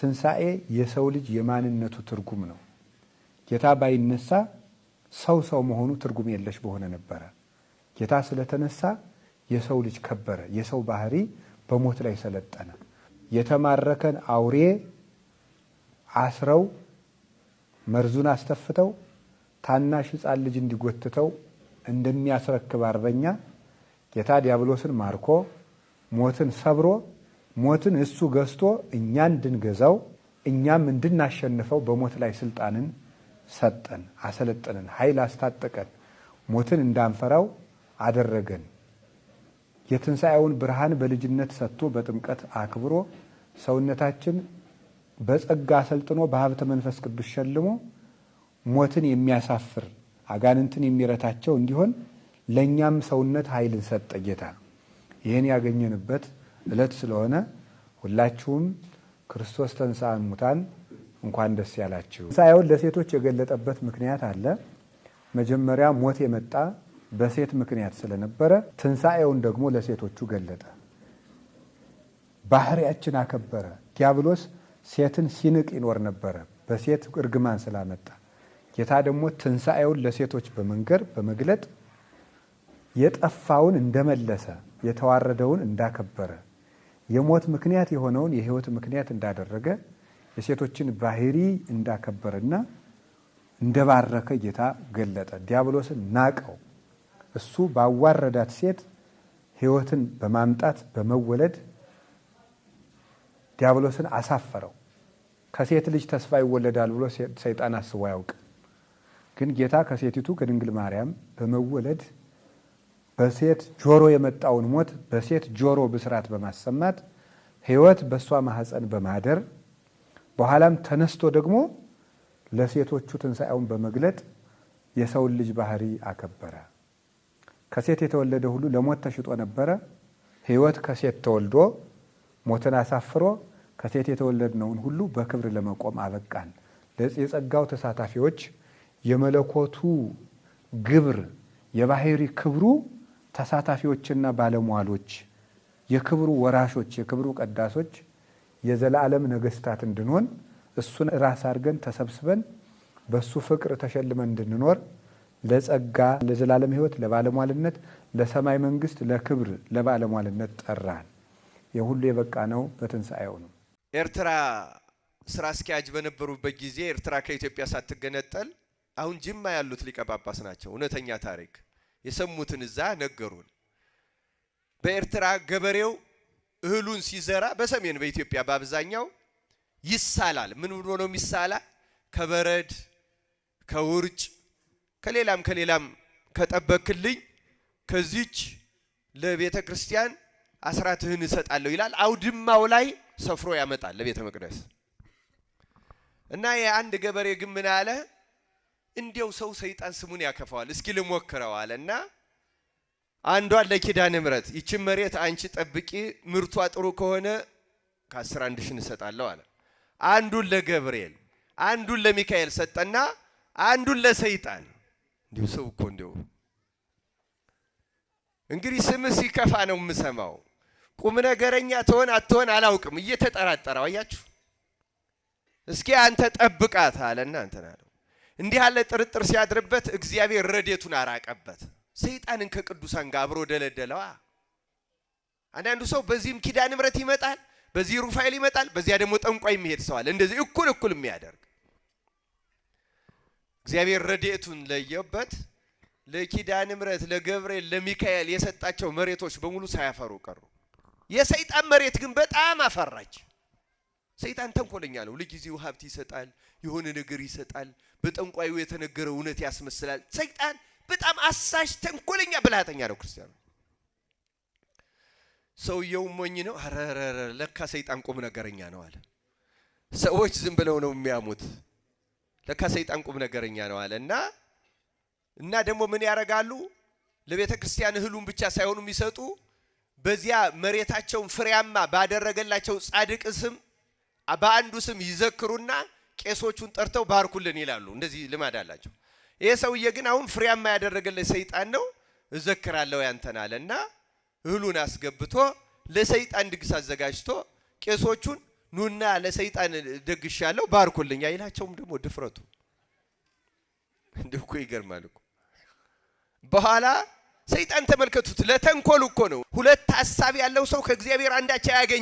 ትንሣኤ የሰው ልጅ የማንነቱ ትርጉም ነው። ጌታ ባይነሳ ሰው ሰው መሆኑ ትርጉም የለሽ በሆነ ነበረ። ጌታ ስለተነሳ የሰው ልጅ ከበረ። የሰው ባህሪ በሞት ላይ ሰለጠነ። የተማረከን አውሬ አስረው መርዙን አስተፍተው ታናሽ ሕፃን ልጅ እንዲጎትተው እንደሚያስረክብ አርበኛ ጌታ ዲያብሎስን ማርኮ ሞትን ሰብሮ ሞትን እሱ ገዝቶ እኛ እንድንገዛው እኛም እንድናሸንፈው በሞት ላይ ስልጣንን ሰጠን፣ አሰለጠንን፣ ኃይል አስታጠቀን፣ ሞትን እንዳንፈራው አደረገን። የትንሣኤውን ብርሃን በልጅነት ሰጥቶ በጥምቀት አክብሮ ሰውነታችን በጸጋ አሰልጥኖ በሀብተ መንፈስ ቅዱስ ሸልሞ ሞትን የሚያሳፍር አጋንንትን የሚረታቸው እንዲሆን ለእኛም ሰውነት ኃይልን ሰጠ ጌታ። ይህን ያገኘንበት እለት ስለሆነ ሁላችሁም ክርስቶስ ተንሥአ እሙታን እንኳን ደስ ያላችሁ። ትንሣኤውን ለሴቶች የገለጠበት ምክንያት አለ። መጀመሪያ ሞት የመጣ በሴት ምክንያት ስለነበረ ትንሣኤውን ደግሞ ለሴቶቹ ገለጠ። ባህሪያችን አከበረ። ዲያብሎስ ሴትን ሲንቅ ይኖር ነበረ በሴት እርግማን ስላመጣ ጌታ ደግሞ ትንሣኤውን ለሴቶች በመንገር በመግለጥ የጠፋውን እንደመለሰ የተዋረደውን እንዳከበረ የሞት ምክንያት የሆነውን የህይወት ምክንያት እንዳደረገ የሴቶችን ባህሪ እንዳከበረና እንደባረከ ጌታ ገለጠ። ዲያብሎስን ናቀው። እሱ ባዋረዳት ሴት ህይወትን በማምጣት በመወለድ ዲያብሎስን አሳፈረው። ከሴት ልጅ ተስፋ ይወለዳል ብሎ ሰይጣን አስቦ አያውቅም። ግን ጌታ ከሴቲቱ ከድንግል ማርያም በመወለድ በሴት ጆሮ የመጣውን ሞት በሴት ጆሮ ብስራት በማሰማት ሕይወት በእሷ ማህፀን በማደር በኋላም ተነስቶ ደግሞ ለሴቶቹ ትንሣኤውን በመግለጥ የሰውን ልጅ ባህሪ አከበረ። ከሴት የተወለደ ሁሉ ለሞት ተሽጦ ነበረ። ሕይወት ከሴት ተወልዶ ሞትን አሳፍሮ ከሴት የተወለድነውን ሁሉ በክብር ለመቆም አበቃን። የጸጋው ተሳታፊዎች የመለኮቱ ግብር የባህሪ ክብሩ ተሳታፊዎችና ባለሟሎች፣ የክብሩ ወራሾች፣ የክብሩ ቀዳሶች፣ የዘላለም ነገስታት እንድንሆን እሱን ራስ አድርገን ተሰብስበን በእሱ ፍቅር ተሸልመን እንድንኖር ለጸጋ ለዘላለም ህይወት ለባለሟልነት ለሰማይ መንግስት ለክብር ለባለሟልነት ጠራን። የሁሉ የበቃ ነው በትንሣኤው ነው። ኤርትራ ስራ አስኪያጅ በነበሩበት ጊዜ ኤርትራ ከኢትዮጵያ ሳትገነጠል አሁን ጅማ ያሉት ሊቀ ጳጳስ ናቸው። እውነተኛ ታሪክ የሰሙትን እዛ ነገሩን። በኤርትራ ገበሬው እህሉን ሲዘራ በሰሜን በኢትዮጵያ በአብዛኛው ይሳላል። ምን ብሎ ነው የሚሳላ? ከበረድ ከውርጭ ከሌላም ከሌላም ከጠበክልኝ ከዚች ለቤተ ክርስቲያን አስራትህን እሰጣለሁ ይላል። አውድማው ላይ ሰፍሮ ያመጣል ለቤተ መቅደስ እና የአንድ ገበሬ ግን ምን አለ? እንዲያው ሰው ሰይጣን ስሙን ያከፋዋል። እስኪ ልሞክረው አለና አንዷን ለኪዳነ ምሕረት ይችን መሬት አንቺ ጠብቂ፣ ምርቷ ጥሩ ከሆነ ከአስር አንድ ሺህ እንሰጣለሁ አለ። አንዱን ለገብርኤል፣ አንዱን ለሚካኤል ሰጠና አንዱን ለሰይጣን። እንዲሁ ሰው እኮ እንዲሁ እንግዲህ ስም ሲከፋ ነው የምሰማው። ቁም ነገረኛ ትሆን አትሆን አላውቅም። እየተጠራጠረው አያችሁ። እስኪ አንተ ጠብቃት አለና እንትን አለው እንዲህ ያለ ጥርጥር ሲያድርበት እግዚአብሔር ረዴቱን አራቀበት። ሰይጣንን ከቅዱሳን ጋር አብሮ ደለደለዋ። አንዳንዱ ሰው በዚህም ኪዳን ምረት ይመጣል፣ በዚህ ሩፋኤል ይመጣል፣ በዚያ ደግሞ ጠንቋይ የሚሄድ ሰዋል። እንደዚህ እኩል እኩል የሚያደርግ እግዚአብሔር ረዴቱን ለየበት። ለኪዳን ምሕረት ለገብርኤል፣ ለሚካኤል የሰጣቸው መሬቶች በሙሉ ሳያፈሩ ቀሩ። የሰይጣን መሬት ግን በጣም አፈራች። ሰይጣን ተንኮለኛ ነው። ለጊዜው ሀብት ይሰጣል፣ የሆነ ነገር ይሰጣል፣ በጠንቋዩ የተነገረ እውነት ያስመስላል። ሰይጣን በጣም አሳሽ፣ ተንኮለኛ፣ ብልሃተኛ ነው። ክርስቲያኑ ሰውየው ሞኝ ነው። አረረረ ለካ ሰይጣን ቁም ነገረኛ ነው አለ። ሰዎች ዝም ብለው ነው የሚያሙት። ለካ ሰይጣን ቁም ነገረኛ ነው አለ እና እና ደግሞ ምን ያደርጋሉ? ለቤተ ክርስቲያን እህሉን ብቻ ሳይሆኑ የሚሰጡ በዚያ መሬታቸውን ፍሬያማ ባደረገላቸው ጻድቅ ስም በአንዱ ስም ይዘክሩና ቄሶቹን ጠርተው ባርኩልን ይላሉ። እንደዚህ ልማድ አላቸው። ይሄ ሰውዬ ግን አሁን ፍሬያማ ያደረገለት ሰይጣን ነው። እዘክራለሁ ያንተን አለና እህሉን አስገብቶ ለሰይጣን ድግስ አዘጋጅቶ ቄሶቹን ኑና ለሰይጣን ደግሻለሁ ባርኩልኝ አይላቸውም። ደግሞ ድፍረቱ እንደው እኮ ይገርማል እኮ በኋላ ሰይጣን ተመልከቱት፣ ለተንኮል እኮ ነው። ሁለት ሀሳብ ያለው ሰው ከእግዚአብሔር አንዳች አያገኝ።